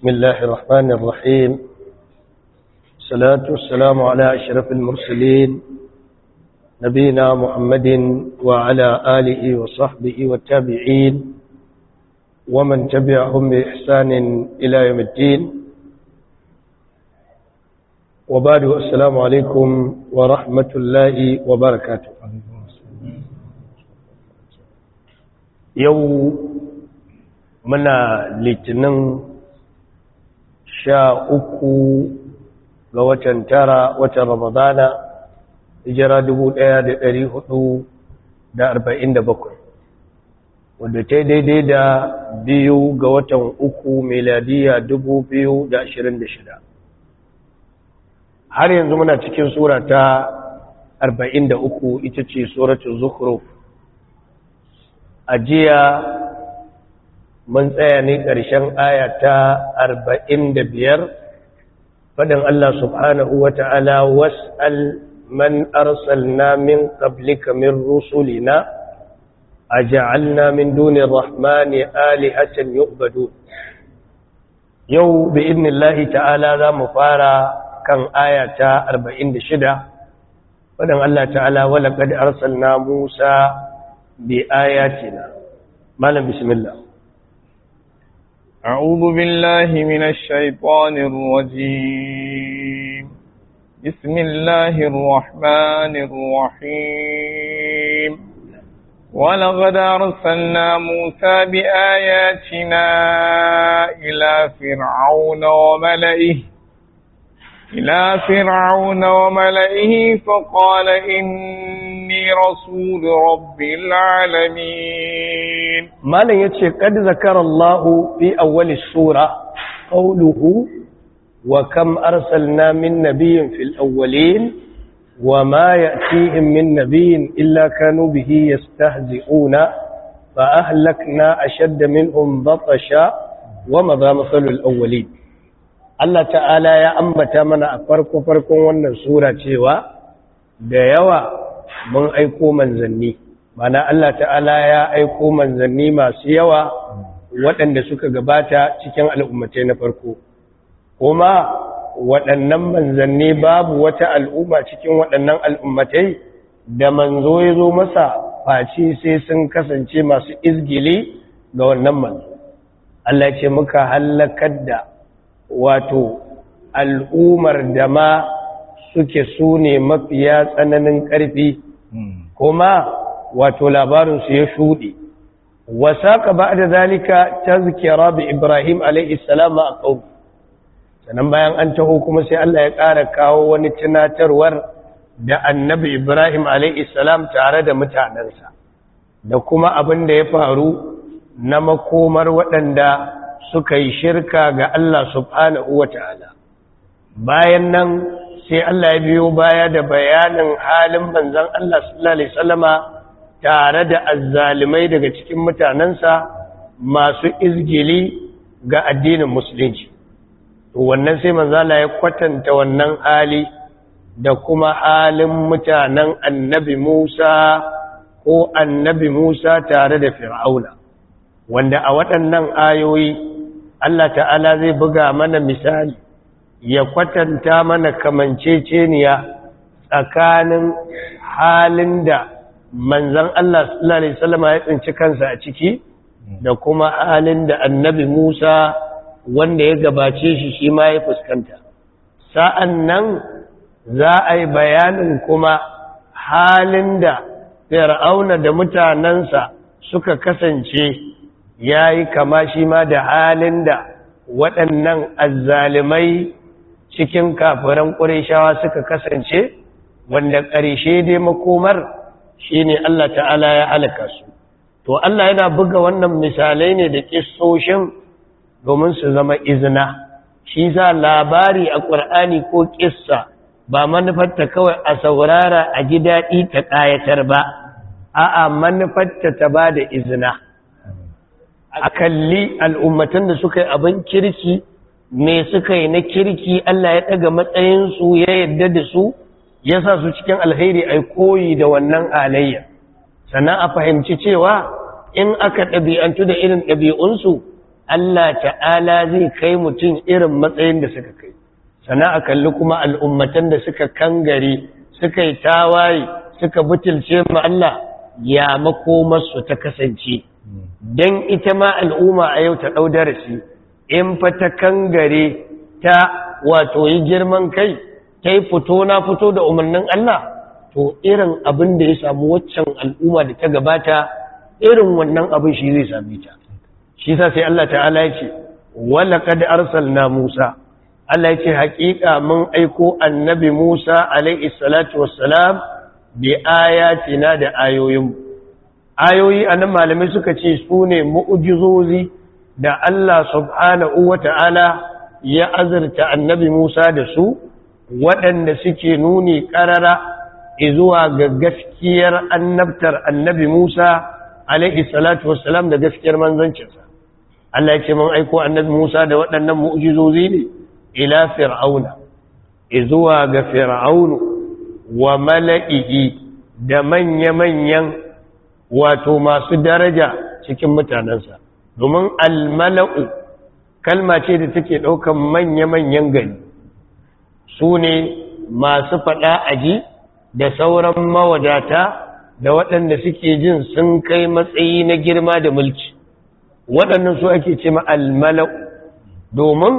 بسم الله الرحمن الرحيم الصلاة والسلام على أشرف المرسلين نبينا محمد وعلى آله وصحبه والتابعين ومن تبعهم بإحسان إلى يوم الدين وبعد السلام عليكم ورحمة الله وبركاته يوم منا لتنم sha uku ga watan tara watan ramadana hijira dubu ɗaya da dari hudu da arba'in da bakwai wadda ta daidai da biyu ga watan uku meladiya dubu biyu da ashirin da shida har yanzu muna cikin tsura ta arba'in da uku ita ce suratun zukuru a jiya mun tsaya ne ƙarshen aya ta biyar. faɗin Allah subhanahu wa ta'ala was'al man arsalna min qablika min rusulina aj'alna min duni rahmani alihatan yu'badu yau bi idnillahi ta'ala za mu fara kan aya ta 46 faɗin Allah ta'ala walaqad arsalna Musa bi ayatina malam bismillah أعوذ بالله من الشيطان الرجيم بسم الله الرحمن الرحيم ولقد أرسلنا موسى بآياتنا إلى فرعون وملئه إلى فرعون وملئه فقال إن إني رسول رب العالمين ما لن يتشي قد ذكر الله في أول السورة قوله وكم أرسلنا من نبي في الأولين وما يأتيهم من نبي إلا كانوا به يستهزئون فأهلكنا أشد منهم بطشا ومضى مثل الأولين Allah ta'ala ya ambata mana a farko-farkon wannan sura cewa da yawa mun aiko manzanni mana Allah ta'ala ya aiko manzanni masu yawa waɗanda suka gabata cikin al'ummatai na farko kuma waɗannan manzanni babu wata al'umma cikin waɗannan al'ummatai da manzo ya zo masa face sai sun kasance masu izgili ga wannan manzo Allah ce muka hallakar da wato al'ummar da ma suke su ne mafiya tsananin ƙarfi hmm. kuma wato su ya shuɗe wasaƙa ba da zalika ta zikira bi ibrahim alaihissalam a ƙau sannan bayan an taho kuma sai allah ya ƙara kawo wani tunatarwar da annabi ibrahim alaihissalam tare da mutanensa da kuma abin da ya faru na makomar waɗanda suka yi shirka ga allah subhanahu wa ta'ala bayan nan sai Allah ya biyo baya da bayanin halin manzon Allah sallallahu alaihi wasallama tare da azzalimai daga cikin mutanansa masu izgili ga addinin musulunci wannan sai manzala ya kwatanta wannan hali da kuma halin mutanen annabi Musa ko annabi Musa tare da Fir'auna wanda a waɗannan ayoyi Allah ta'ala zai buga mana misali ya kwatanta mana kamanceceniya tsakanin halin da manzan Allah sallallahu Alaihi ya tsinci kansa a ciki da kuma halin da annabi Musa wanda ya gabace shi shi ma ya fuskanta sa'an nan za a yi bayanin kuma halin da fir'auna da mutanensa suka kasance ya yi kama shi ma da halin da waɗannan azzalimai cikin kafiran ƙurishawa suka kasance wanda ƙarshe dai makomar shi ne Allah ta'ala ya halaka su to Allah yana buga wannan misalai ne da ƙisoshin domin su zama izina shi za labari a ƙur'ani ko ƙissa ba manufarta kawai a saurara a ji daɗi ta ƙayatar ba a'a manufarta ta ba da izina a kalli al'ummatan da suka yi abin kirki me suka yi na kirki Allah ya ɗaga matsayinsu ya yadda da su ya sa su cikin alheri ai koyi da wannan alayya sannan a fahimci cewa in aka ɗabi'antu da irin ɗabi'unsu Allah ta'ala zai kai mutum irin matsayin da suka kai sannan a kalli kuma al'ummatan da suka kangare suka yi tawaye suka butulce ma Allah ya makomarsu ta kasance hmm. don ita ma al'umma a yau ta ɗau darasi in fata kangare ta wato yi girman kai ta yi fito na fito da umarnin Allah to irin abin da ya samu waccan al'umma da ta gabata irin wannan abin shi zai same ta shi sa sai Allah ta'ala ya ce arsal na, Musa Allah ya ce haƙiƙa mun aiko annabi Musa alaihi salatu wassalam bi ayatina da ayoyin ayoyi a nan malamai suka ce su ne mu'ujizozi da Allah subhanahu wa ta'ala ya azurta annabi Musa da su waɗanda suke nuni ƙarara zuwa ga gaskiyar annabtar annabi Musa alaihi salatu wassalam da gaskiyar manzancinsa. Allah ya ce man aiko annabi Musa da waɗannan mu'jizozi ne ila fir'auna Izuwa ga fir'aunu wa mala'ihi da manya-manyan wato masu daraja cikin mutanensa domin almala'u kalma ce da take ɗaukan manya-manyan gari su ne masu faɗa aji da sauran mawadata da waɗanda suke jin sun kai matsayi na girma da mulki waɗannan su ake ce ma'almala'u almala'u domin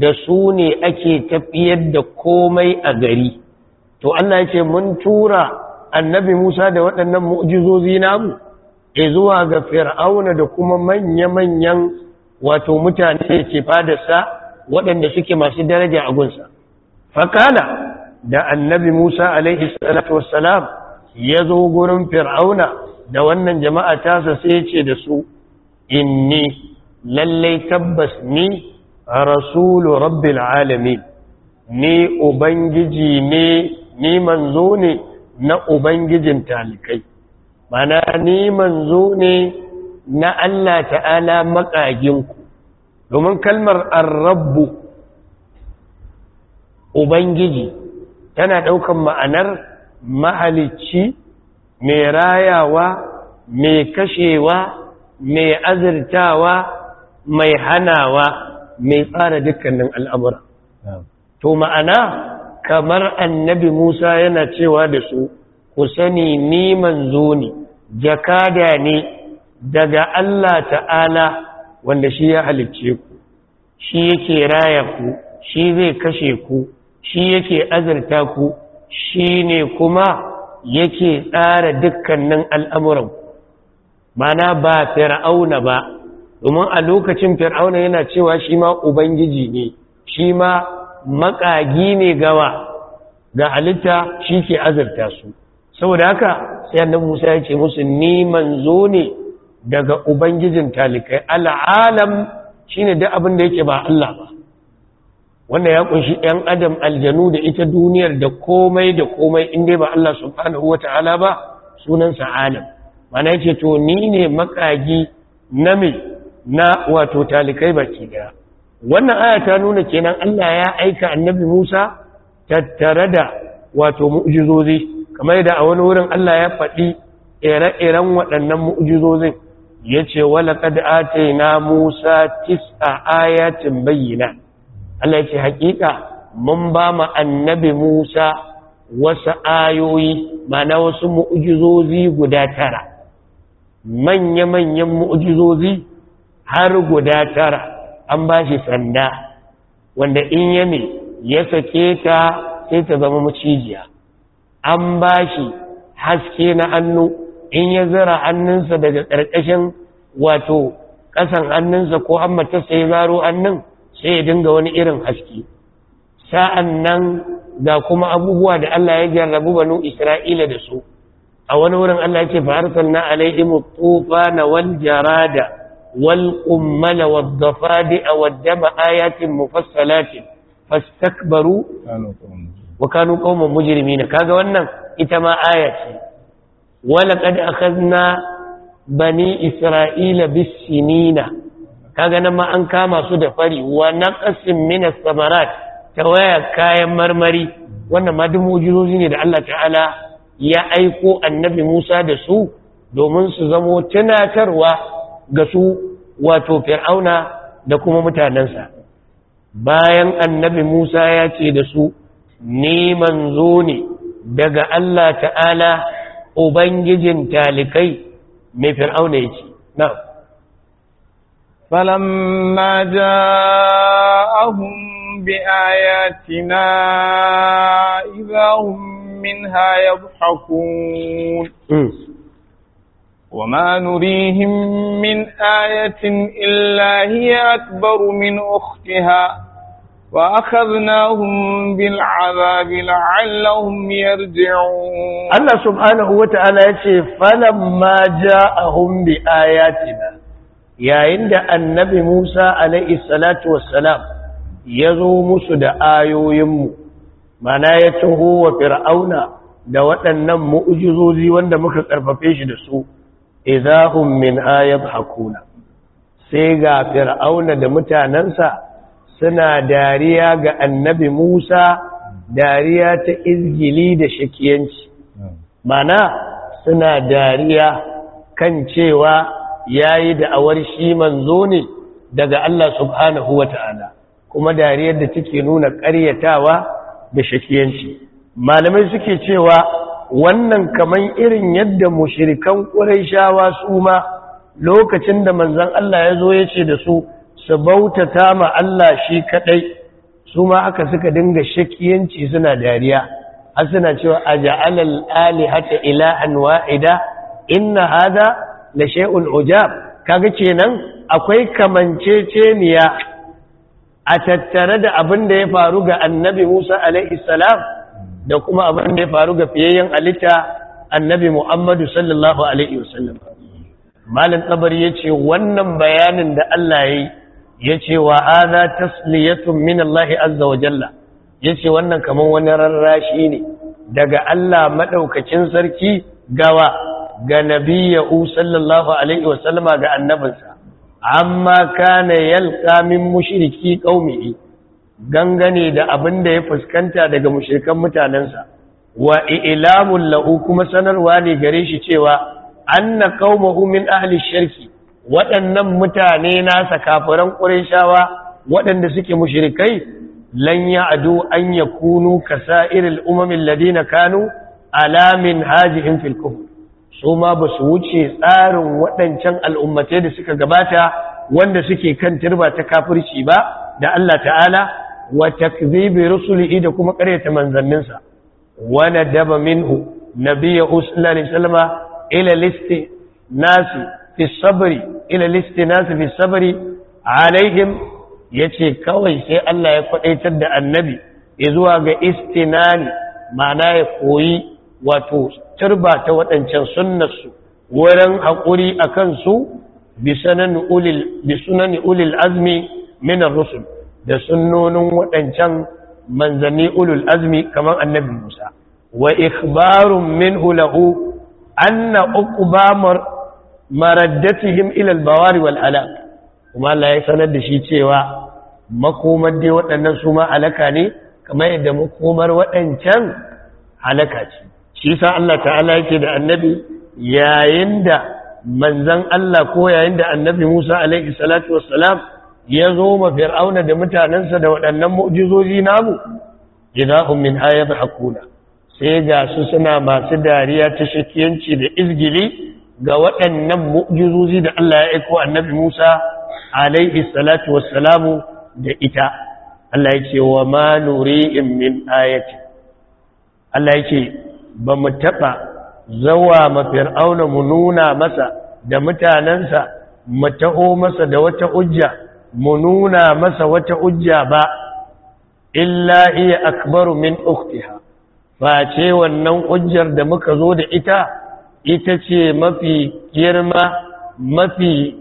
da su ne ake tafiyar da komai a gari to Allah ya ce mun tura annabi Musa da waɗannan mu'jizozi namu zuwa ga fir'auna da kuma manya-manyan wato mutane da ke fadarsa waɗanda suke masu daraja a gunsa fakala da annabi musa alaihi salatu wassalam ya zo gurin fir'auna da wannan jama'a tasa sai ce da su inni lallai tabbas ni rasulu rabbil alamin ni ubangiji ne ni manzo ne na ubangijin talikai mana ni manzo ne na Allah ta'ala maƙaginku? domin kalmar ar ubangiji tana ɗaukan ma'anar mahalicci mai rayawa mai kashewa mai azurtawa, mai hanawa mai tsara dukkanin al'amura to ma'ana kamar annabi musa yana cewa da su ku sani ni manzo ne jakada ne daga Allah ta'ala wanda shi ya halicce ku shi yake raya ku shi zai kashe ku shi yake azurta ku shi ne kuma yake tsara dukkanin al'amuran mana ba fir'auna ba domin a lokacin fir'auna yana cewa shi ma ubangiji ne shi ma makagi ne gawa ga halitta shi ke azurta su saboda haka sai annabi Musa ya ce musu ni manzo ne daga ubangijin talikai al'alam shine duk abin da yake ba Allah ba wanda ya kunshi ɗan adam aljanu da ita duniyar da komai da komai in dai ba Allah subhanahu wata'ala ba sunansa alam mana yake to ni ne makagi na me na wato talikai baki daya wannan aya ta nuna kenan Allah ya aika annabi Musa tattare da wato mu'jizozi kamar yadda a wani wurin Allah ya faɗi ire-iren waɗannan mu'ujizozin, ya ce yi na musa tis'a ayatin bayyana Allah ya ce haƙiƙa mun ba ma annabi musa wasu ayoyi mana wasu mu'ujizozi guda tara manya-manyan mu'ujizozi har guda tara an ba shi sanda wanda in yame ya sake ta sai ta zama macijiya an bashi haske na annu in ya zira hannunsa daga ƙarƙashin wato ƙasan hannunsa ko an matarsa ya zaro hannun sai ya dinga wani irin haske sa'an nan ga kuma abubuwa da Allah ya jarrabu banu Isra'ila da su a wani wurin Allah ce fa'arsal na alaihimu tufa na wal jarada wal kummala wa zafadi a wadda ma'ayatin mufassalatin fastakbaru wa kanu qauman mujrimina kaga wannan ita ma ayati ce wa laqad akhadna bani isra'ila bis kaga nan ma an kama su da fari wa naqasin min as-samarat tawaya kayan marmari wannan ma duk mujizoji ne da Allah ta'ala ya aiko annabi Musa da su domin su zamo tunatarwa ga su wato fir'auna da kuma mutanensa bayan annabi Musa ya ce da su ni manzo ne daga Allah ta'ala ubangijin talikai mai fir'auna yake na falamma ja'ahum biayatina idahum minha yadhhakun وما نريهم من آية إلا هي أكبر من أختها وأخذناهم بالعذاب لعلهم يرجعون الله سبحانه وتعالى يقول فلما جاءهم بآياتنا يا عند النبي موسى عليه الصلاة والسلام يزوم سد آيو يمو منايته وفرعون فرعون waɗannan mu'ujizozi wanda muka ƙarfafe shi دسو إذا هم منها يضحكون سيغا فرعون ga ننسى suna dariya ga annabi Musa dariya ta izgili da shakiyanci mana suna dariya kan cewa yayi da'awar shi manzo ne daga Allah subhanahu wata'ala kuma dariyar da take nuna ƙaryatawa da shakiyanci malamai suke cewa wannan kaman irin yadda mushrikan ƙurayshawa su ma lokacin da manzon Allah ya zo ya ce da su su bautata ma Allah shi kaɗai, su ma aka suka dinga shakiyanci suna dariya har suna cewa ali hata ila'an wa'ida inna haza na shay'un ujab kaga kenan akwai kamanceceniya a tattare da abin da ya faru ga annabi Musa alaihi salam da kuma abin da ya faru ga fiyayyen alita annabi Muhammadu sallallahu alaihi wasallam malam ya ce wannan bayanin da Allah ya yi. Ya wa wa'aza tasliyatun min Allah azza wa jalla ce, wannan kamar wani rarrashi ne daga Allah maɗaukacin sarki gawa ga ya'u sallallahu alaihi wa sallama ga annabinsa amma kana yalka min mushriki qaumihi gangane da abin da ya fuskanta daga mushrikan mutanensa wa ilamun la'u kuma sanarwa ne gare shi cewa anna qaumahu min ahli shirki waɗannan mutane nasa kafiran shawa waɗanda suke mushirikai, lan adu an kunu, kasa, irin ladina kanu alamin min hajihim fil su ma ba su wuce tsarin waɗancan al'ummatai da suka gabata wanda suke kan turba ta kafirci ba da Allah ta'ala wata takzibi rusuli da kuma ƙaryata manzanninsa Wana daba minhu nabiyyu na biya wasallama ila listi nasi fi sabri ila listinasi fi sabri alaihim yace kawai sai Allah ya kwadaitar da annabi ya zuwa ga istinani ma'ana ya koyi wato turba ta waɗancan sunnarsu wurin haƙuri a kan su bisunani ulil azmi minar rusul da sunnonin waɗancan manzani ulul azmi kamar annabi musa wa ikhbarun min hulahu anna uqbamar maraddatihim ilal bawari wal ala. kuma Allah ya sanar da shi cewa makomar dai waɗannan su ma alaka ne kamar yadda makomar waɗancan halaka ce shi sa Allah ta'ala yake da annabi yayin da manzan Allah ko yayin da annabi Musa alaihi salatu wassalam ya zo ma fir'auna da mutanensa da waɗannan mu'jizoji namu idahum min ayat hakuna sai ga su suna masu dariya ta shakiyanci da izgili ga waɗannan mu'jizozi da Allah ya aiko annabi Musa alaihi salatu wassalamu da ita Allah ya ce wa ma nuri'in min ayati Allah ya ce ba mu taɓa zawa ma fir'auna mu nuna masa da mutanensa mu taho masa da wata ujja mu nuna masa wata ujja ba illa iya akbaru min uktiha face wannan ujjar da muka zo da ita ita ce mafi girma mafi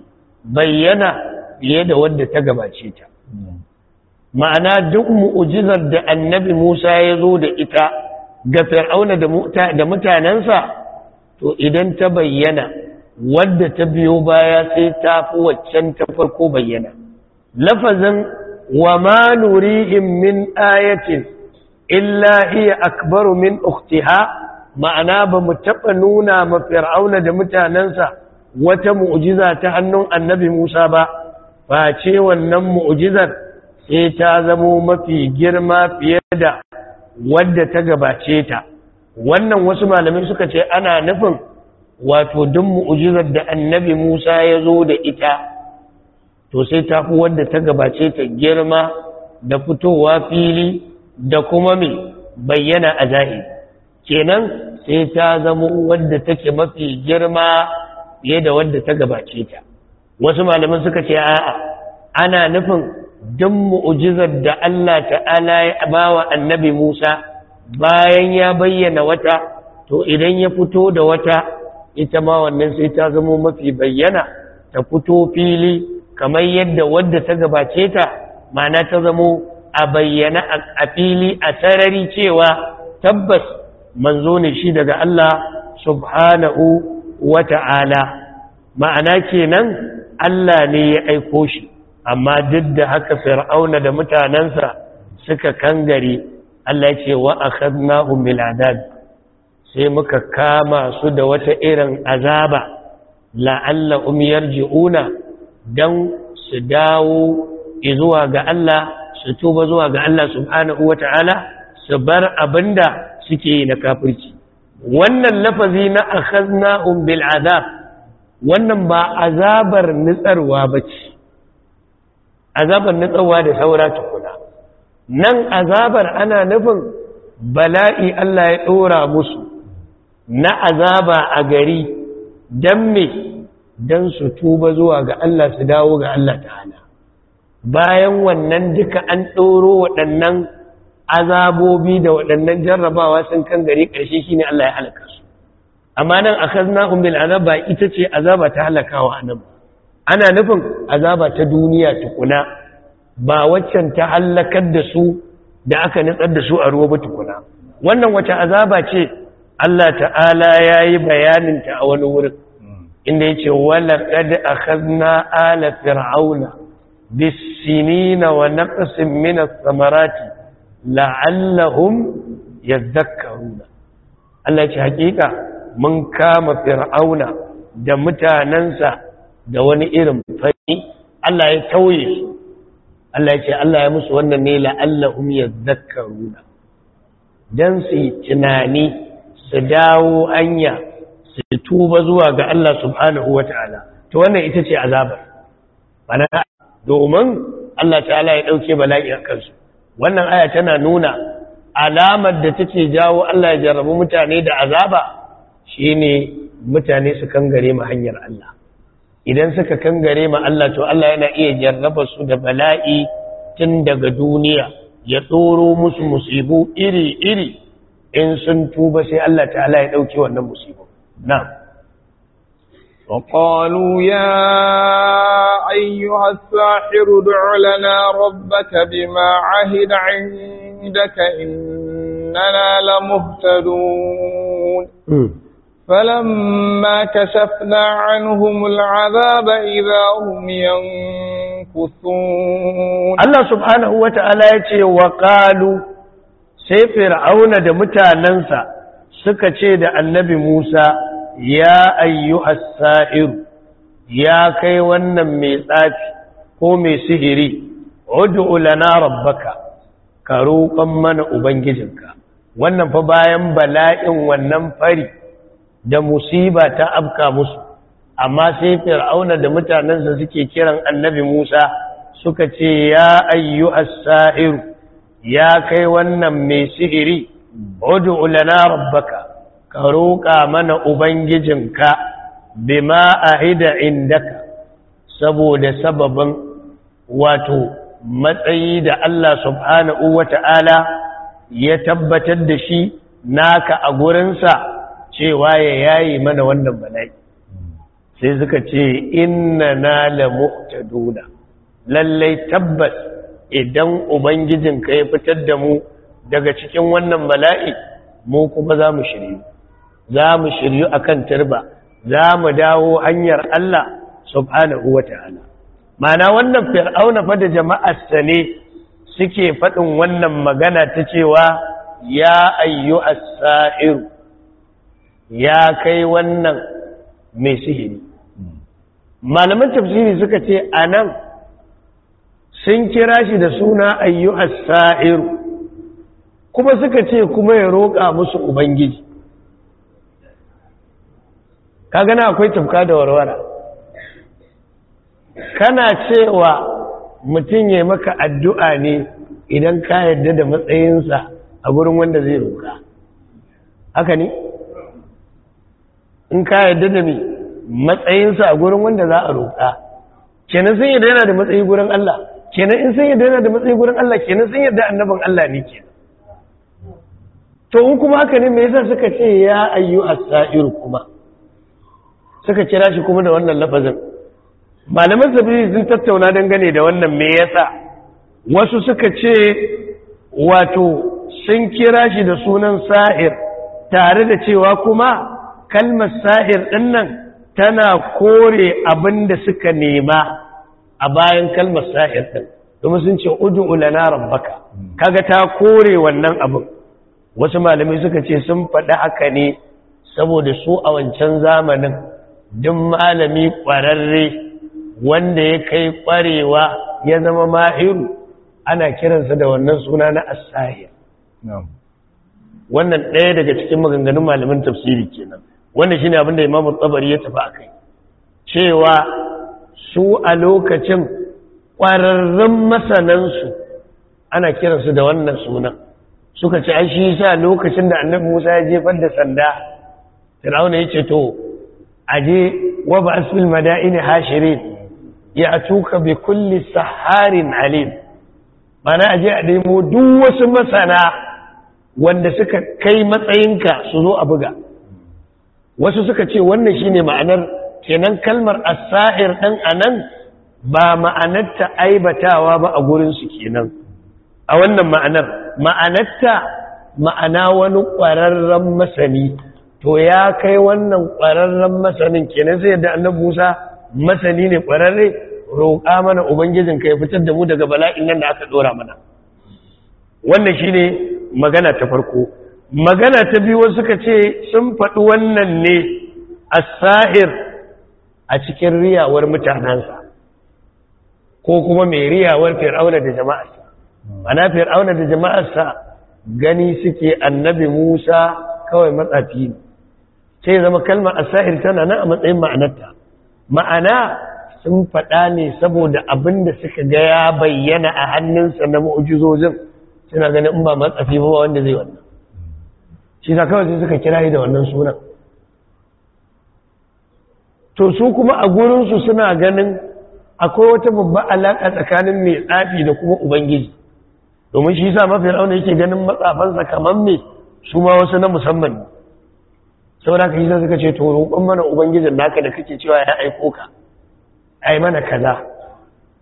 bayyana fiye da wadda ta gabace ta ma'ana duk mu'ujizar da annabi musa ya zo da ita ga fir'auna da mutanensa to idan ta bayyana wadda ta biyo baya sai ta fi waccan ta farko bayyana lafazin wa ma nurihim min ayatin illa hiya akbaru min ukhtiha ma'ana ba mu taɓa nuna ma fir'auna da mutanensa wata mu'ujiza ta hannun annabi musa ba ba ce wannan mu'ujizar sai ta zamo mafi girma fiye da wadda ta gabace ta wannan wasu malamai suka ce ana nufin wato duk mu'ujizar da annabi musa ya zo da ita to sai ta fi wadda ta gabace ta girma da fitowa fili da kuma mai bayyana a zahiri kenan sai ta zama wadda take mafi girma fiye da wadda ta gabace ta wasu malaman suka ce a'a ana nufin duk mu'jizar da Allah ta'ala ya bawa annabi Musa bayan ya bayyana wata to idan ya fito da wata ita ma wannan sai ta zama mafi bayyana ta fito fili kamar yadda wadda ta gabace ta mana ta zamo a bayyana a fili a sarari cewa tabbas manzo ne shi daga Allah subhanahu wa ta'ala ma'ana kenan Allah ne ya aiko shi amma duk da haka fir'auna da mutanensa suka kangare Allah ce wa akhadnahum bil adab sai muka kama su da wata irin azaba la'alla um yarji'una dan su dawo zuwa ga Allah su tuba zuwa ga Allah subhanahu wata'ala su bar abinda suke yi na kafirci wannan lafazi na akhaznahum bil azab wannan ba azabar nitsarwa bace azabar nitsarwa da saura tukuna nan azabar ana nufin bala'i Allah ya dora musu na azaba a gari dan me dan su tuba zuwa ga Allah su dawo ga Allah ta'ala bayan wannan duka an doro waɗannan azabobi da waɗannan jarrabawa sun kan gari ƙarshe shi ne Allah ya halaka su amma nan a akhadnahum bil azaba ita ce azaba ta halakawa anan ana nufin azaba ta duniya tukuna ba waccan ta halakar da su da aka nutsar da su a ruwa ba tukuna wannan wata azaba ce Allah ta'ala ya yi bayaninta a wani wurin inda ce wala a akhadna ala fir'auna wa naqsin min samarati la'allahum yadhakkaruna Allah ce hakika mun kama fir'auna da mutanansa da wani irin fari Allah ya tauye su Allah ya ce Allah ya musu wannan ne la'allahum yadhakkaruna dan su tunani su dawo anya su tuba zuwa ga Allah subhanahu Ta'ala, ta wannan ita ce azabar domin Allah ta'ala ya ɗauke bala'i a kansu wannan aya tana nuna alamar da take jawo Allah ya jarrabu mutane da azaba shine mutane su kangare ma hanyar Allah idan suka kangare ma Allah to Allah yana iya jarraba su da bala'i tun daga duniya ya tsoro musu musibu iri iri in sun tuba sai Allah ta'ala ya dauke wannan musibu na'am وقالوا يا أيها الساحر ادع لنا ربك بما عهد عندك إننا لمهتدون فلما كشفنا عنهم العذاب إذا هم ينكثون الله سبحانه وتعالى وقالوا سيفر عون دمتا ننسى سكتشي دا النبي موسى ya ayyu sa'iru ya kai wannan mai tsafi ko mai sihiri ud'u ulana rabbaka ka roƙon mana ubangijinka wannan fa bayan bala'in wannan fari da musiba ta abka musu amma sai fir'auna da mutanensa suke kiran annabi Musa suka ce ya ayyu sa'iru ya kai wannan mai sihiri ud'u ulana rabbaka ka roƙa mana ubangijinka bima ahida indaka saboda sababin wato matsayi da Allah subhanahu Ta'ala ya tabbatar da shi naka a gurinsa cewa ya yayi mana wannan bala'i sai suka ce inna na ta duna, lallai tabbas idan ubangijinka ya fitar da mu daga cikin wannan bala'i mu kuma za mu shirya. za mu shiryu a kan turba za mu dawo hanyar Allah subhanahu ta'ala mana wannan fir'auna fa da sa ne suke faɗin wannan magana ta cewa ya ayyu as-sa'iru ya kai wannan mai sihiri malaman tafsiri suka ce anan sun kira shi da suna ayyu as-sa'iru kuma suka ce kuma ya roƙa musu ubangiji ka gana akwai tufka da warwara kana cewa mutum ya maka addu'a ne idan ka yarda da matsayinsa a gurin wanda zai roka haka ne in ka yarda da mai matsayinsa a gurin wanda za a roka kenan sun yadda yana da matsayi gurin Allah kenan in sun yadda yana da matsayi gurin Allah kenan sun yadda annaban Allah ne ke. to in kuma haka ne me yasa suka ce ya ayyu as-sa'ir kuma suka kira shi kuma da wannan lafazin malaman sabiri sun tattauna dangane da wannan me yasa wasu suka ce wato sun kira shi da sunan sa'ir tare da cewa kuma kalmar sa'ir dinnan tana kore abin da suka nema a bayan kalmar sa'ir din domin sun ce udu na rabbaka kaga ta kore wannan abin wasu malamai suka ce sun faɗi haka ne saboda su a wancan zamanin duk malami ƙwararre wanda ya kai ƙwarewa ya zama mahiru ana kiransa da wannan suna na asahir wannan ɗaya daga cikin maganganun malamin tafsiri kenan wanda shine abin da imamu tsabari ya tafi a kai cewa su a lokacin ƙwararrun masanansu ana kiransu da wannan sunan suka ce an shi sa lokacin da annabi Musa ya jefar da sanda Fir'auna ya ce to aje wa ba'as fil madaini hashirin ya'tuka bi kulli saharin alim mana aje a nemo duk wasu masana wanda suka kai matsayinka su zo a buga wasu suka ce wannan shine ma'anar kenan kalmar as-sahir dan anan ba ma'anarta aibatawa ba a gurin su kenan a wannan ma'anar ma'anarta ma'ana wani ƙwararren masani to ya kai wannan ƙwararren masanin kenan sai yadda annabi Musa masani ne ƙwararre roƙa mana ubangijin ka ya fitar da mu daga bala'in nan da aka ɗora mana wannan shine magana ta farko magana ta biyu wasu suka ce sun faɗi wannan ne as-sahir a cikin riyawar mutanansa ko kuma mai riyawar fir'auna da jama'arsa ana fir'auna da jama'arsa gani suke annabi Musa kawai matsafi ne sai zama kalmar asahir tana nan a matsayin ma'anarta ma'ana sun faɗa ne saboda abin da suka ga ya bayyana a hannunsa na mu'ujizojin suna ganin in ba matsafi ba wanda zai wannan shi ta kawai suka kira da wannan sunan to su kuma a gurinsu suna ganin akwai wata babba alaƙa tsakanin mai tsafi da kuma ubangiji domin shi sa mafi rauna yake ganin matsafansa kamar mai su ma wasu na musamman ne saboda haka zai suka ce to roƙon mana ubangijin naka da kake cewa ya aiko ka a mana kaza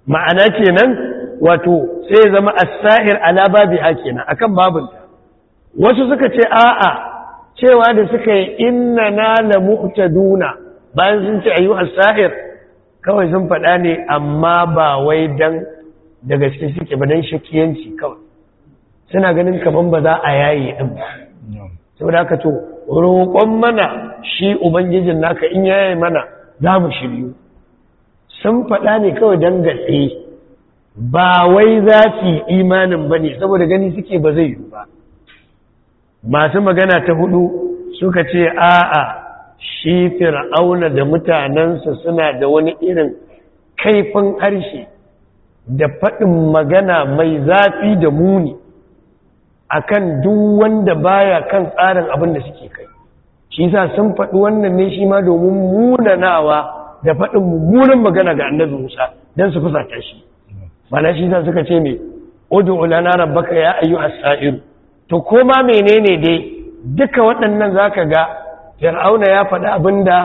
ma'ana kenan wato sai zama as-sa'ir ala babiha kenan akan babinta wasu suka ce a'a cewa da suka yi na na la duna, bayan sun ce ayu as sahir kawai sun faɗa ne amma ba wai dan da gaske suke ba don shakiyanci kawai suna ganin kamar ba za a yayi ɗin ba saboda haka to roƙon mana shi ubangijin naka in yaye mana za mu shiryu sun faɗa ne kawai don gatse ba wai za su imanin ba ne saboda gani suke ba zai yi ba masu magana ta hudu suka ce a'a shi fir'auna da mutanensa suna da wani irin kaifin harshe da faɗin magana mai zafi da muni akan duk wanda baya kan tsarin abin da suke kai shi sa sun faɗi wannan ne shi ma domin munanawa da faɗin mummunan magana ga annabi Musa dan su fusata shi mana shi sa suka ce me ud'u lana rabbaka ya a sa'ir to koma menene dai duka waɗannan zaka ga fir'auna ya faɗi abinda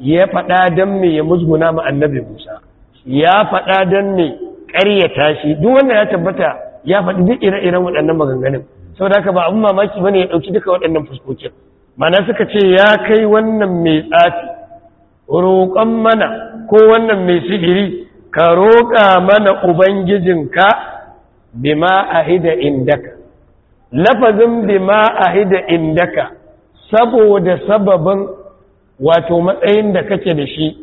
ya faɗa dan me ya musguna ma annabi Musa ya faɗa dan me ƙaryata shi duk wanda ya tabbata ya faɗi duk ire-iren waɗannan maganganun saboda haka ba abin mamaki bane ya ɗauki duka waɗannan fuskokin mana suka ce ya kai wannan mai tsafi roƙon mana ko wannan mai sihiri ka roƙa mana ubangijinka bima hida indaka lafazin bima hida indaka saboda sababin wato matsayin da kake da shi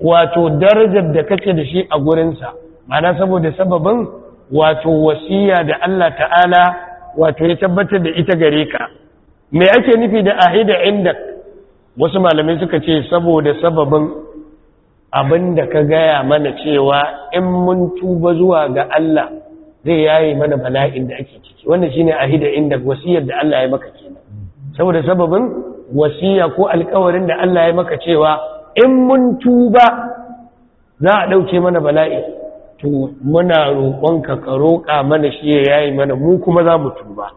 wato darajar da kake da shi a gurinsa mana saboda sababin wato wasiya da Allah ta'ala wato ya tabbatar da ita gare ka me ake nufi da ahida inda wasu malamai suka ce saboda sababin abinda da ka gaya mana cewa in mun tuba zuwa ga Allah zai yayi mana bala'in da ake ciki wannan shine ahida inda wasiyar da Allah ya maka kenan saboda sababin wasiya ko alƙawarin da Allah ya maka cewa in mun tuba za a ɗauke mana bala'i to muna roƙonka ka roƙa mana shi ya yayi mana mu kuma za mu tuba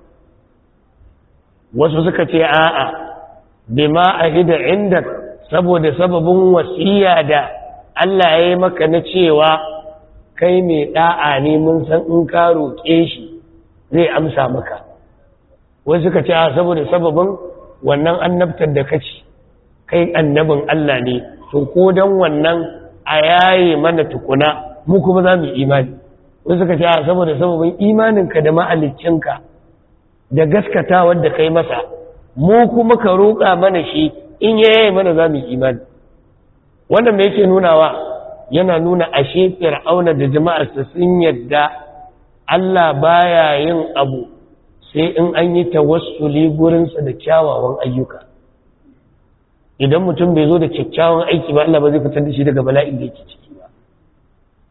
wasu suka ce a'a bima ahida inda saboda sababin wasiya da Allah ya yi maka na cewa kai mai ɗa'a ne mun san in ka roƙe shi zai amsa maka wasu suka ce a saboda sababin wannan annabtar da kaci kai annabin Allah ne to ko dan wannan a yaye mana tukuna mu kuma za mu yi imani wani suka ce a saboda sababin imaninka da ma'alicinka da gaskata wanda kai masa mu kuma ka roƙa mana shi in yaya mana za mu yi imani wannan me yake nunawa yana nuna ashe auna da jama'arsa sun yadda Allah baya yin abu sai in an yi tawassuli gurinsa da kyawawan ayyuka idan mutum bai zo da kyakkyawan aiki ba Allah ba zai fitar da shi daga bala'in da yake ciki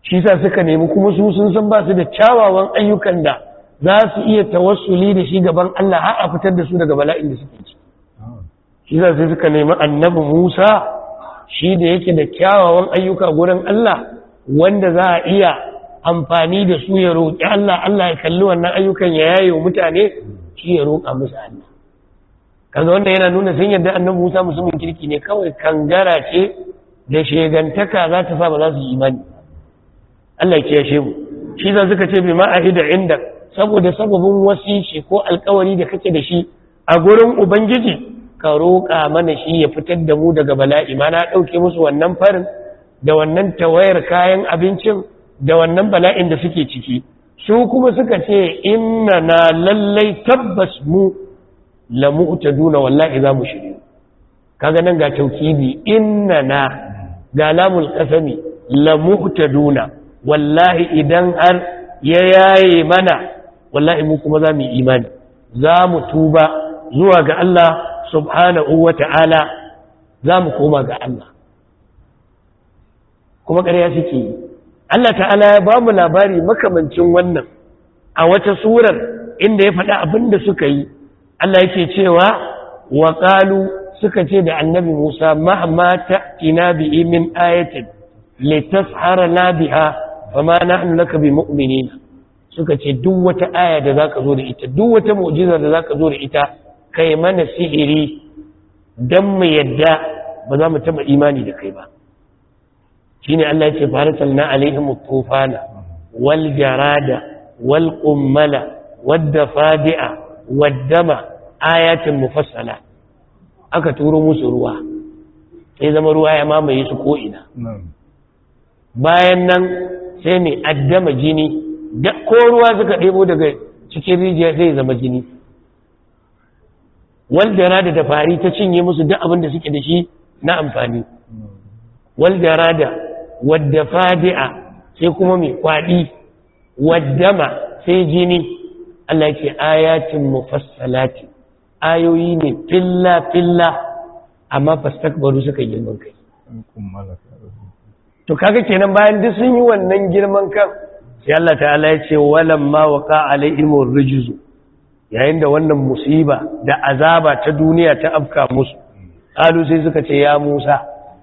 shi sa suka nemi kuma su sun san ba su da kyawawan ayyukan da za su iya tawassuli da shi gaban Allah har a fitar da su daga bala'in da suke ci shi sa sai suka nemi annabi Musa shi da yake da kyawawan ayyuka gurin Allah wanda za a iya amfani da su ya roƙi Allah Allah ya kalli wannan ayyukan ya yayo mutane shi ya roƙa musu Allah kaga wanda yana nuna sun yadda annabi Musa musulmin kirki ne kawai kangara ce da shegantaka za ta sa ba za su yi imani Allah ya yashe mu shi zan suka ce bi ma ahida inda saboda sababin wasici ko alkawari da kake da shi a gurin ubangiji ka roƙa mana shi ya fitar da mu daga bala'i ma na ɗauke musu wannan farin da wannan tawayar kayan abincin da wannan bala'in da suke ciki su kuma suka ce inna na lallai tabbas mu la mu'taduna wallahi za mu shirya, kaga nan ga taukibi inna na ga lamul qasami la mu'taduna wallahi idan an ya yaye mana wallahi mu kuma za mu yi imani za mu tuba zuwa ga Allah subhanahu wa ta'ala za mu koma ga Allah kuma ƙarya suke yi Allah ta'ala ya ba mu labari makamancin wannan a wata surar inda ya faɗa abin da suka yi Allah yake cewa wa ƙalu suka ce da annabi Musa ma ma ta'tina min ayatin litasharana biha fama nahnu laka bi mu'minina suka ce duk wata aya da zaka zo da ita duk wata mu'jiza da zaka zo da ita kai mana sihiri dan mu yadda ba za mu taba imani da kai ba shine Allah ya ce faratalna alaihim tufana wal jarada wal qummala wad dafadi'a wad dama ayatin mufassala aka turo musu ruwa sai zama ruwa ya mamaye su ko ina bayan nan sai mai addama jini ko ruwa suka ɗebo daga cikin rijiya zai zama jini waldara da dafari ta cinye musu duk abin da suke da shi na amfani waldara da wadda fadi'a sai kuma mai kwaɗi waddama sai jini Allah ke ayatin mufassalati ayoyi ne filla filla amma fastakbaru suka yi kai to kaga kenan bayan duk sun yi wannan girman kan sai Allah ta'ala ya ce ma waqa alaihim ar yayin da wannan musiba da azaba ta duniya ta afka musu alu sai suka ce ya Musa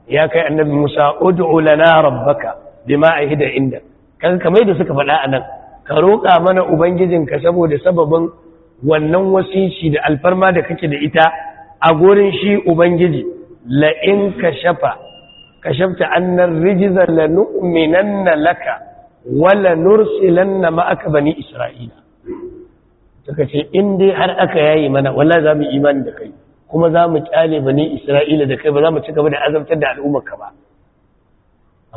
ya kai annabi Musa ud'u lana rabbaka bima ahida inda kaga kamar da suka faɗa anan ka roƙa mana ubangijinka saboda sababin wannan wasici da alfarma da kake da ita a gurin shi ubangiji la in ka shafa kashafta annar rijiza lanu'minanna laka wala nursilanna ma'aka bani isra'ila suka ce in dai har aka yayi mana wala za mu imani da kai kuma za mu kyale bani isra'ila da kai ba za mu cika gaba da azabtar da al'ummarka ba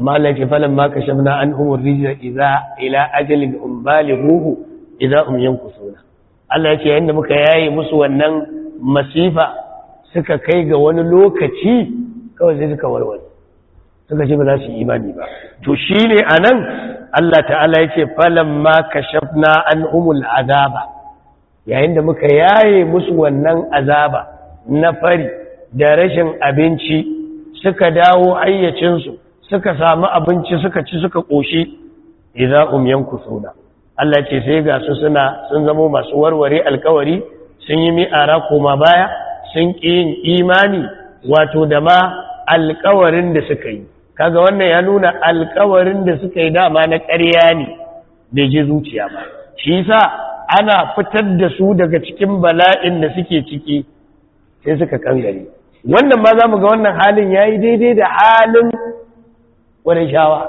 amma Allah ke falan ma kashafna an umar rijiza iza ila ajalin umbali ruhu iza um yankusuna Allah ya ce yayin da muka yayi musu wannan masifa suka kai ga wani lokaci kawai sai suka warware suka ce ba su yi imani ba to shi ne a nan Allah ta'ala ya ce falon ma shafna an umul azaba yayin da muka yaye musu wannan azaba na fari da rashin abinci suka dawo ayyacinsu suka samu abinci suka ci suka ƙoshi idan umyan ku suna Allah ce sai ga su suna sun zamo masu warware alkawari sun yi mi'ara koma baya sun ƙi yin imani wato da ma alkawarin da suka yi kaga wannan ya nuna alkawarin da suka yi dama na ƙarya ne bai je zuciya ba shi sa ana fitar da su daga cikin bala'in da suke ciki sai suka kangare wannan ba za mu ga wannan halin ya yi daidai da halin wani shawa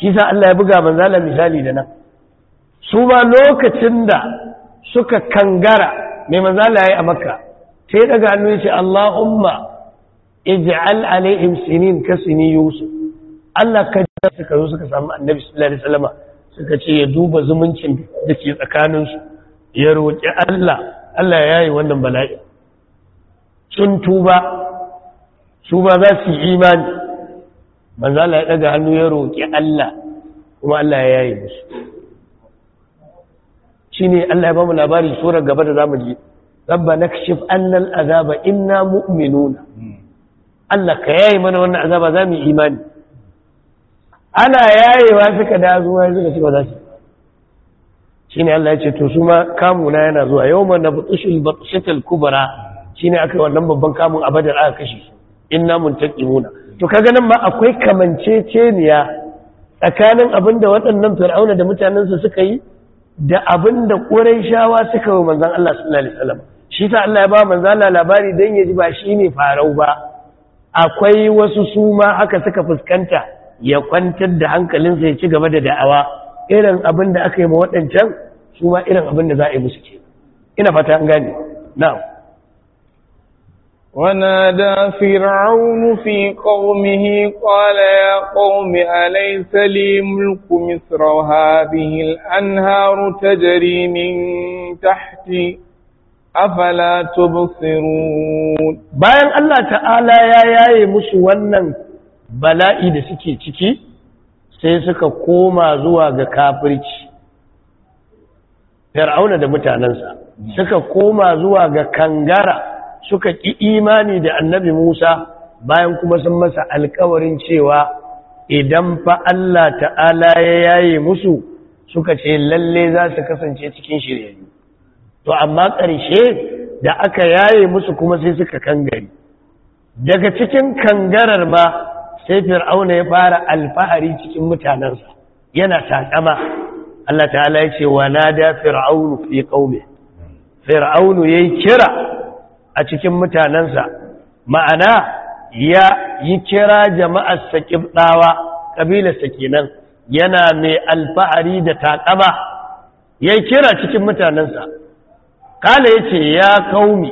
shi sa Allah ya buga la misali da nan su ba lokacin da suka kangara mai ya yi a makka sai daga hannu ya ce Allahumma ij'al alaihim sinin kasini yusuf Allah ka da suka zo suka samu annabi sallallahu alaihi wasallam suka ce ya duba zumuncin da ke tsakanin su ya roƙi Allah Allah ya yi wannan bala'i sun tuba su ba za su yi imani manzo Allah ya daga hannu ya roƙi Allah kuma Allah ya yi musu shine Allah ya ba mu labari surar gaba da zamu ji ربنا اكشف أن Allah ka yayi mana wannan azaba za mu yi imani. ana yayewa suka da zuwa suka ci ba za Shi shine Allah ya ce to su ma kamu na yana zuwa yawma nabtushul batshatal kubra shine aka wannan babban kamun a badar aka kashe inna muntaqimuna to kaga nan ma akwai kamanceceniya tsakanin abinda waɗannan fir'auna da su suka yi da abinda shawa suka yi manzon Allah sallallahu alaihi wasallam shi ta Allah ya ba manzon Allah labari dan ya ji ba shine farau ba akwai wasu su ma haka suka fuskanta ya kwantar da hankalinsa ya ci gaba da da'awa irin abin da aka yi ma waɗancan su ma irin abin da za a yi musu ke ina fata an gane na'am ونادى فرعون في قومه قال يا قوم أليس لي ملك مصر وهذه الأنهار تجري من تحتي أفلا تبصرون bayan Allah ta'ala ya yaye musu wannan bala'i da suke ciki sai suka koma zuwa ga kafirci fir'auna da mutanensa suka koma zuwa ga kangara suka ƙi imani da annabi musa bayan kuma sun masa alkawarin cewa idan fa Allah ta'ala ya yaye musu suka ce lalle za su kasance cikin shiryayyu to amma ƙarshe da aka yaye musu kuma sai suka kangari, daga cikin kangarar ba sai fir'auna ya fara alfahari cikin mutanensa yana takama Allah ta'ala ya ce wa nada fir'aunu fi qaumi fir'aunu yayi kira a cikin mutanensa ma'ana ya yi kira jama'ar ɗawa, ƙabilar sakinan yana mai alfahari da taƙaba ya yi kira cikin mutanensa kala ya ce ya kaumi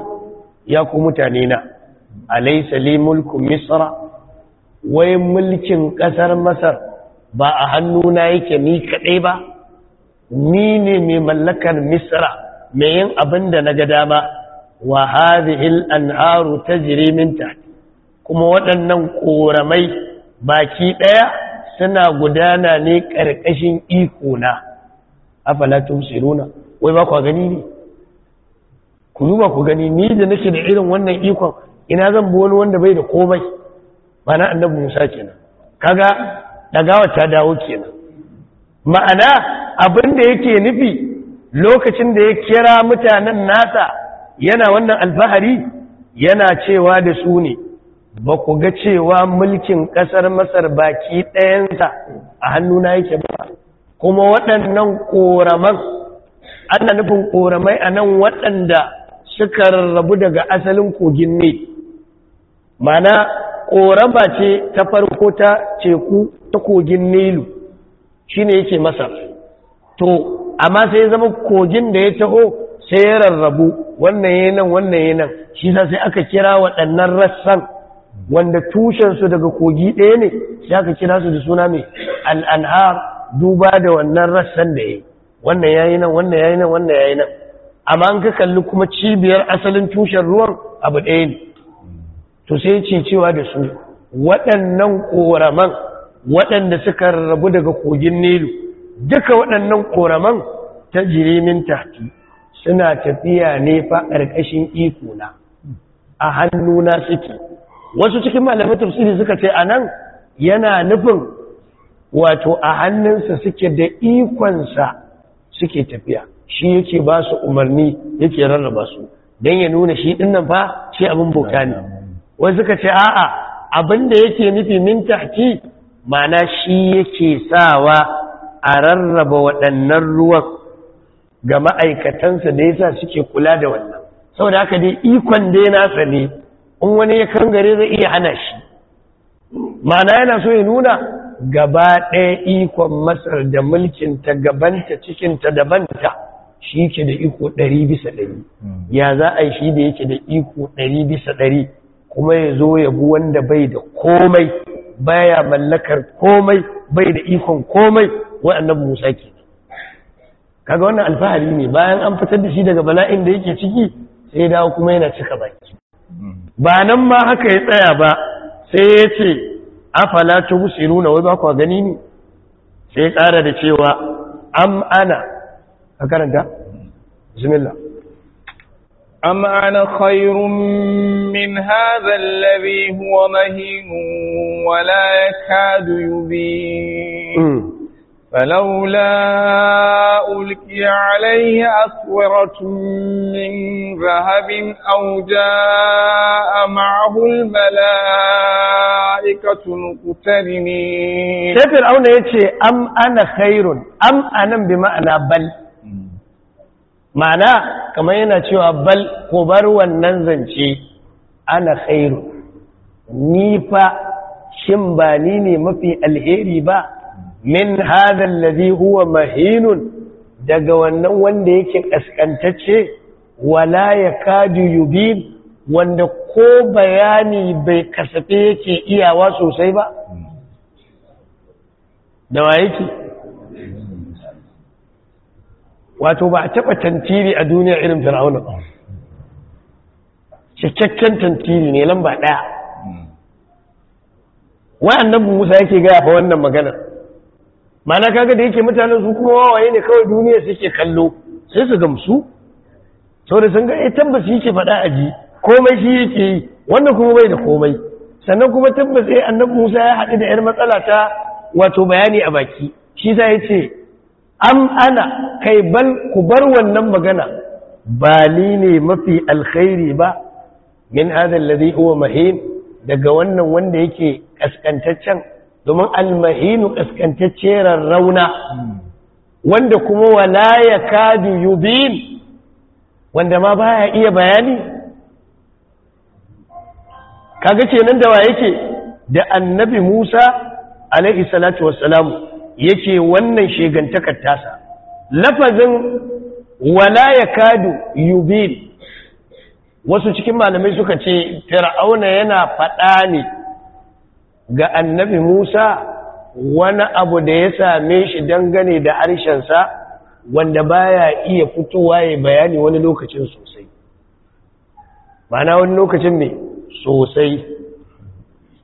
ya ku mutane na alaisa li misra wai mulkin ƙasar masar ba a hannuna yake ni kaɗai ba ni ne mai mallakar misra mai yin abin da na ga dama wa hadhihi ta anharu min kuma waɗannan koramai baki ɗaya suna gudana ne ƙarƙashin iko na falatun tumsiruna wai ba kwa gani ne ku duba ku gani ni da nake da irin wannan ikon ina zan bi wani wanda bai da komai ma'ana annabi musa kenan kaga daga ta dawo kenan ma'ana abin da yake nufi lokacin da ya kira mutanen nasa yana wannan alfahari yana cewa da su ne ba ku ga cewa mulkin ƙasar masar baki ɗayansa a hannuna yake ba kuma waɗannan ƙoraman ana nufin ƙoramai a nan waɗanda suka rarrabu daga asalin kogin ne mana ƙoraba ce ta farko ta teku ta kogin nilu shi ne yake masar to amma sai ya zama kogin da ya taho sai ya rarrabu wannan ya nan wannan ya nan shi sa sai aka kira waɗannan rassan wanda tushensu daga kogi ɗaya ne sai aka kira su da suna mai al'anhar duba da wannan rassan da ya wannan ya yi nan wannan ya yi nan wannan ya yi nan amma an ka kalli kuma cibiyar asalin tushen ruwan abu ɗaya ne to sai ce cewa da su waɗannan ƙoraman waɗanda suka rabu daga kogin nilu duka waɗannan ƙoraman ta jirimin tafi suna tafiya ne fa ƙarƙashin ikona a hannuna suke wasu cikin malamai tafsiri suka ce a nan yana nufin wato a hannunsa suke da ikonsa suke tafiya shi yake ba su umarni yake rarraba su don ya nuna shi ɗin nan fa shi abin bauta ne wai suka ce a'a abin da yake nufi min tahti ma'ana shi yake sawa a rarraba waɗannan ruwan ga ma'aikatansa da yasa suke kula da wannan saboda haka dai ikon ya nasa ne in wani ya kangare zai iya hana shi ma'ana yana so ya nuna gaba ɗaya ikon masar da mulkinta gabanta cikinta dabanta shi ke da iko ɗari bisa ɗari hmm. ya za a yi shi da yake da iko ɗari bisa ɗari kuma ya zo ya bu wanda bai da komai baya mallakar komai bai da ikon komai wa annabi Musa ke kaga wannan alfahari ne bayan an fitar da shi daga bala'in da yake ciki sai ya dawo kuma yana cika baki ba nan ma haka ya tsaya ba sai ya ce afala nuna wai ba gani ne sai ya kara da cewa am ana ka karanta bismillah أم أنا خير من هذا الذي هو مهين ولا يكاد يبين فلولا ألقي عليه أسورة من ذهب أو جاء معه الملائكة المقترنين سيد فرعون يتشي أم أنا خير أم أنا بمعنى بل ma'ana kamar yana cewa bal ko bar wannan zance ana khairu ni fa shin ba ni ne mafi alheri ba min hadal ladhi huwa mahinun daga wannan wanda yake kaskantacce wala yakadu yubin wanda ko bayani bai kasafe yake iyawa sosai ba da wa yake wato ba a taɓa tantiri a duniya irin fir'auna cikakken tantiri ne lamba ɗaya wa'annan musa yake gaya fa wannan magana mana kaga da yake mutanen su kuma wawaye ne kawai duniya suke kallo sai su gamsu sau da sun ga ya eh, tabbas yake faɗa a ji komai shi yake yi wannan kuma bai da komai sannan kuma tabbas sai eh, annabi musa ya haɗu da 'yar matsala ta wato bayani a baki shi sa ya ce am ana kai bal ku bar wannan magana ba ni ne mafi alkhairi ba min hadha alladhi huwa mahin daga wannan wanda yake kaskantaccen domin almahin kaskantacce rauna wanda kuma wala yakadu yubin wanda ma baya iya bayani kaga kenan da wa yake da annabi Musa alaihi salatu wassalamu yake wannan shegantakar tasa lafazin wala ya kadu yubil wasu cikin malamai suka ce fir'auna yana faɗa ne ga annabi musa wani abu da ya same shi dangane da harshensa wanda baya iya fitowa ya bayani wani lokacin sosai mana wani lokacin ne sosai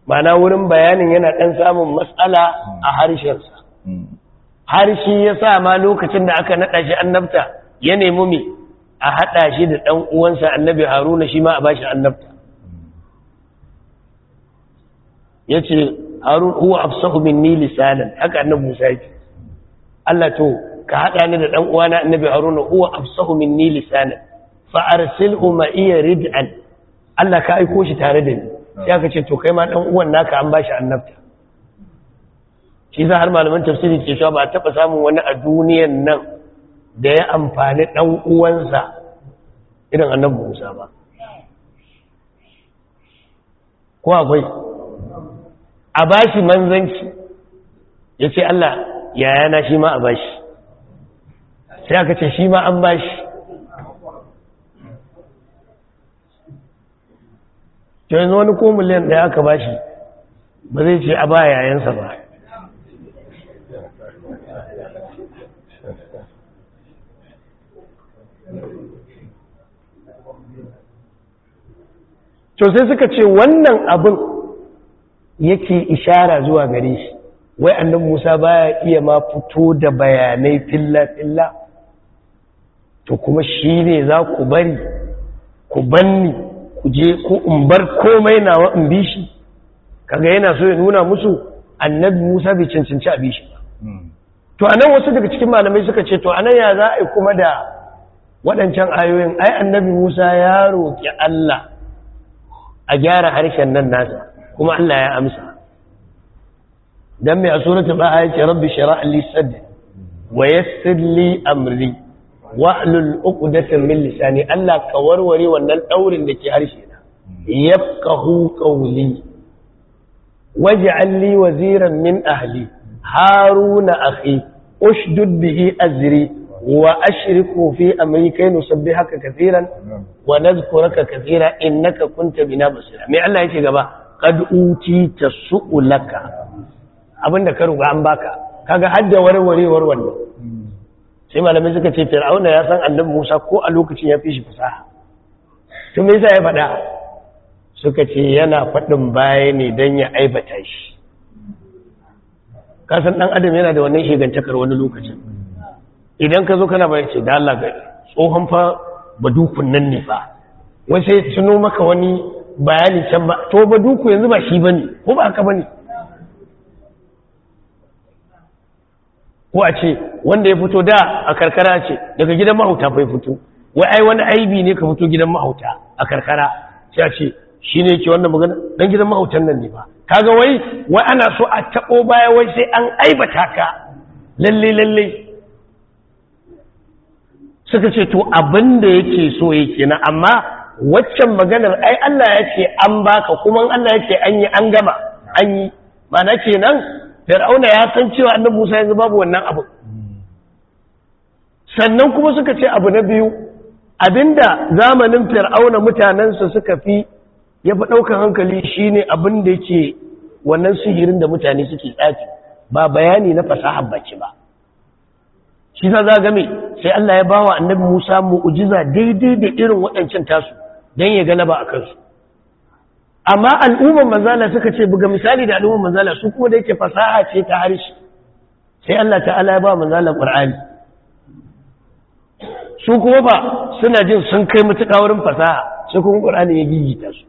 mana wurin bayanin yana ɗan samun matsala a harshensa har shi ya sa ma lokacin da aka naɗa shi annabta ya nemi mi. a haɗa shi da ɗan uwansa annabi haruna shi ma a bashi annabta ya ce harun huwa afsahu minni lisanan haka annabi musa yake Allah to ka haɗa ni da ɗan uwana annabi haruna huwa afsahu ni lisanan fa arsilhu ma iya rid'an Allah ka aiko shi tare da ni sai aka ce to kai ma ɗan uwan naka an bashi annabta shi za har malaman tafsiri ce cewa ba a taɓa samun wani a duniyan nan da ya amfani ɗan uwansa irin annabi musa ba ko akwai a bashi manzanci ya ce allah yayana shi ma a bashi sai aka ce shi ma an bashi to yanzu wani ko miliyan da aka bashi ba zai ce a ba yayansa ba to sai suka ce wannan abin yake ishara zuwa gare shi wai annabi Musa baya iya ma fito da bayanai filla filla to kuma shi ne za ku bari ku banni ku je ku umbar komai nawa in bi shi kaga yana so ya nuna musu annabi Musa bai cancanci a bi shi hmm. to anan wasu daga cikin malamai suka ce to anan ya za a yi kuma da waɗancan ayoyin ai annabi Musa ya roƙi Allah a gyara harshen nan nasa kuma Allah ya amsa dan mai a suratul ba'a yace rabbi shrah li sadri wa yassir li amri wa hlul 'uqdatan min lisani Allah ka warware wannan daurin da ke harshe na yafqahu qawli waj'al li waziran min ahli haruna akhi ushdud bihi azri Wa wa في أمري كي نسبحك كثيرا ونذكرك كثيرا إنك كنت بنا basira. ما Allah يتي غبا gaba أوتيت سؤلك abin Abinda ka ruga an baka kaga hadda warwarewar wannan sai malamai suka ce fir'auna ya san annabi Musa ko a lokacin ya fi shi fasaha tun me yasa ya faɗa suka ce yana faɗin baya ne don ya aibata shi kasan ɗan adam yana da wannan shigantakar wani lokacin idan ka zo kana bayan ce da Allah gari tsohon fa ba dukun nan ne fa wai sai tuno maka wani bayani can ba to ba duku yanzu ba shi bane ko ba haka bane ko a ce wanda ya fito da a karkara ce daga gidan mahauta fa ya fito wai ai wani aibi ne ka fito gidan mahauta a karkara sai a ce shi ne ke wannan magana dan gidan mahautan nan ne ba kaga wai wai ana so a tabo baya wai sai an aibata ka lalle lalle suka ce to abin da yake so yake na amma waccan maganar ai Allah ya ce an baka kuma Allah ya ce an yi an gama an yi ce nan, fir'auna ya san cewa annabi Musa yanzu babu wannan abu sannan kuma suka ce abu na biyu abinda zamanin fir'auna mutanensa suka fi ya fi ɗaukar hankali shine abin da yake wannan sihirin da mutane suke tsaki ba bayani na fasahar bace ba shi sa za sai Allah ya bawa annabi Musa mu'ujiza daidai da irin waɗancan tasu don ya galaba a kansu amma al'umman manzala suka ce buga misali da al'umman manzala su kuma da yake fasaha ce ta harshe sai Allah ta'ala ya ba manzala Qur'ani su kuma ba suna jin sun kai mutuƙa wurin fasaha su kuma Qur'ani ya gigita su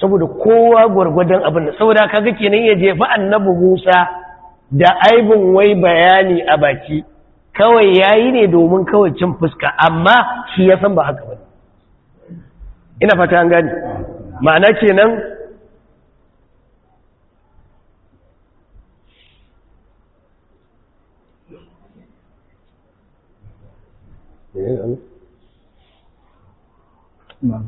saboda kowa gwargwadon abin da saboda kaga kenan ya jefa annabi Musa da aibin wai bayani a baki kawai ya yi ne domin kawai cin fuska amma shi ya san ba haka ba ina fata an gani ma'ana kenan nan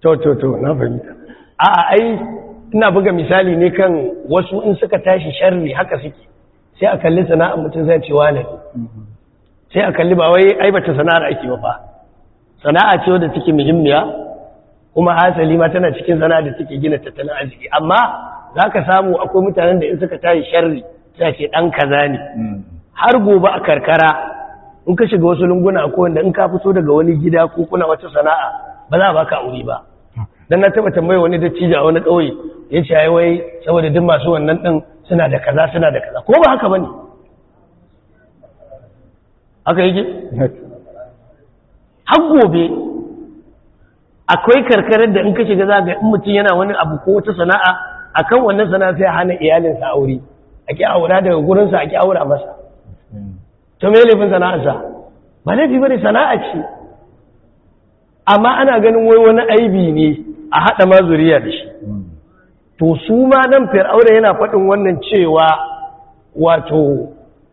to to to na fahimta a ai ina buga misali ne kan wasu in suka tashi sharri haka suke sai a kalli sana'ar mutum zai ce wane sai a kalli ba wai ai ta sana'ar ake ba fa sana'a ce wadda take muhimmiya kuma hasali ma tana cikin sana'a da take gina tattalin arziki amma za ka samu akwai mutanen da in suka tashi sharri sai ce ɗan kaza ne har gobe a karkara in ka shiga wasu lunguna akwai wanda in ka fito daga wani gida ko kuna wata sana'a ba za a baka aure ba dan na taba tambaye wani dattijo a wani kauye ya ce ai wai saboda duk masu wannan ɗin suna da kaza suna da kaza ko ba haka bane haka yake har gobe akwai karkarar da in ka shiga zaga in mutum yana wani abu ko wata sana'a a kan wannan sana'a sai hana iyalinsa aure a ke aura daga gurinsa a ke aura masa Ta me laifin sana'arsa ba laifi bane sana'a ce amma ana ganin wai wani aibi ne a haɗa ma zuriya da shi to su ma nan fir'auna yana faɗin wannan cewa wato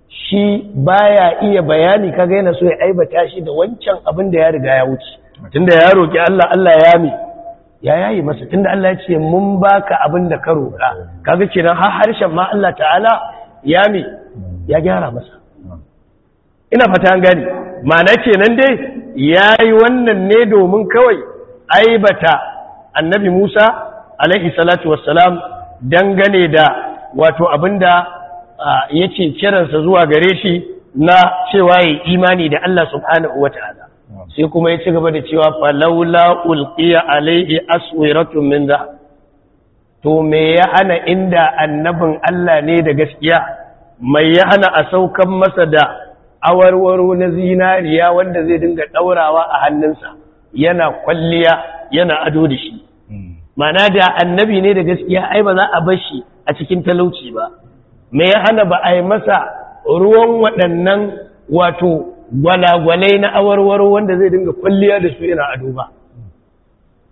shi baya iya bayani kaga yana so ya aibata shi da wancan abin da ya riga ya wuce tunda ya roki Allah Allah ya mi ya yayi masa tunda Allah ya ce mun baka abin da ka roka kaga kenan har harshen ma Allah ta'ala ya mi ya gyara masa ina fata an gani ma'ana kenan dai yayi wannan ne domin kawai aibata annabi Musa alaihi salatu wassalam dangane da wato abinda ce kiransa zuwa gare shi na cewa yi imani da Allah subhanahu ta'ala sai kuma ya ci gaba da cewa falaulaul ulqiya alaihi aswiratun min za to me ya hana inda annabin Allah ne da gaskiya mai ya hana a saukan masa da awarwaro na zinariya wanda zai dinga daurawa a hannunsa yana kwalliya yana ado da shi mana da annabi ne da gaskiya ai ba za a bar shi a cikin talauci ba me ya hana ba a yi masa ruwan waɗannan wato gwalagwalai na awarwaro wanda zai dinga kwalliya da su yana ado ba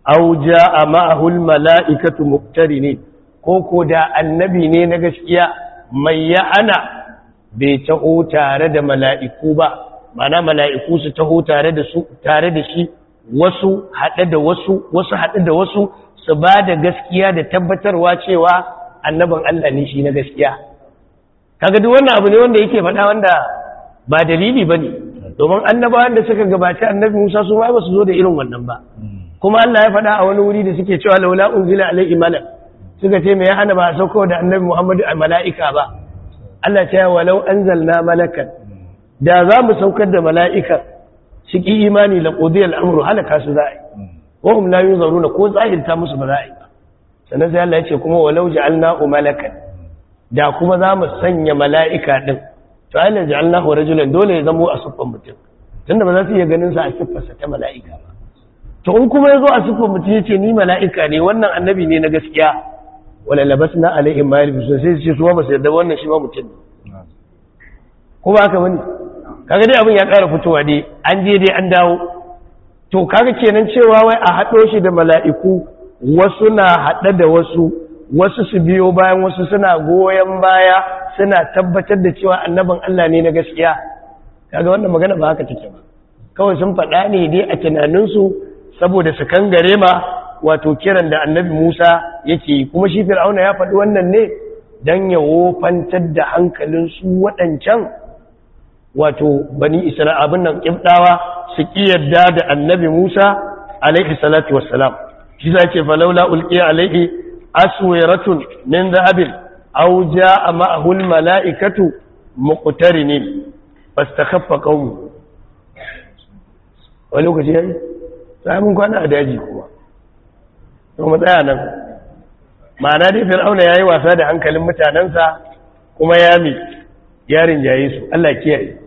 au ja'a ma'ahul mala'ikatu muqtarini ko ko da annabi ne na gaskiya mai ya hana bai taho tare da mala'iku ba mana mala'iku su taho tare da su tare da shi wasu haɗe da wasu wasu haɗe da wasu su ba da gaskiya da tabbatarwa cewa annaban Allah ne shi na gaskiya kaga duk wannan abu ne wanda yake faɗa wanda ba dalili bane domin annabawan da suka gabata annabi Musa su ma ba su zo da irin wannan ba kuma Allah ya faɗa a wani wuri da suke cewa laula unzila alaihi malak suka ce me ya hana ba sauko da annabi Muhammadu a mala'ika ba Allah ta ya walau anzalna malakan da za mu saukar da mala'ikan Cikin imani da ƙudiyar al halaka su za'i mm. wa na la yunzaruna ko zahirta musu ba yi ba. sannan sai Allah ya ce kuma walau ja'alna malakan da kuma za mu sanya mala'ika din to Allah ja'alna rajulan dole ya zamo a siffar mutum da ba za su iya ganin sa a siffarsa ta mala'ika ba to in kuma ya zo a siffar mutum ya ce ni mala'ika ne wannan annabi ne na gaskiya wala na alaihim ma yalbisun sai su ce su ba su yarda wannan shi ba mutum ne mm. ko ba haka bane kaga dai abin ya ƙara fitowa dai an je dai an dawo to kaga kenan cewa wai a haɗo shi da mala'iku wasu na haɗe da wasu wasu su biyo bayan wasu suna goyon baya suna tabbatar da cewa annabin Allah ne na gaskiya kaga wannan magana ba haka take ba kawai sun faɗa ne dai a tunaninsu saboda su kangare ma wato kiran da annabi Musa yake kuma shi Fir'auna ya faɗi wannan ne dan ya wofantar da hankalin su waɗancan wato bani isra'ila abin nan ibdawa su kiyarda da annabi Musa alaihi salatu wassalam shi za ce laula ulqiya alaihi aswiratun min dhahabin aw jaa ma'ahu almala'ikatu muqtarinin fastakhaffa qawmu wani lokaci yayi sai mun kwana a daji kuma to mu tsaya nan ma'ana dai fir'auna yayi wasa da hankalin mutanansa kuma ya yarin jayisu Allah kiyaye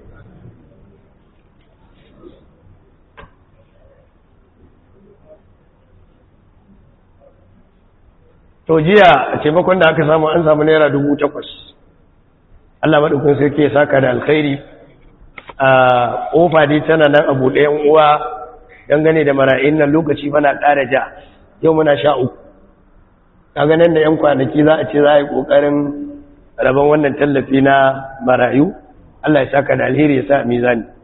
to jiya a taimakon da aka samu an samu naira dubu takwas allah maɗaukun sai ke saka da alkhairi a ƙofa dai tana nan abu ɗayan uwa gane da mara'in nan lokaci bana ƙara ja yau muna sha uku kaga ganin da 'yan kwanaki za a ce za a yi ƙoƙarin rabon wannan tallafi na marayu allah ya saka da alheri ya sa mizani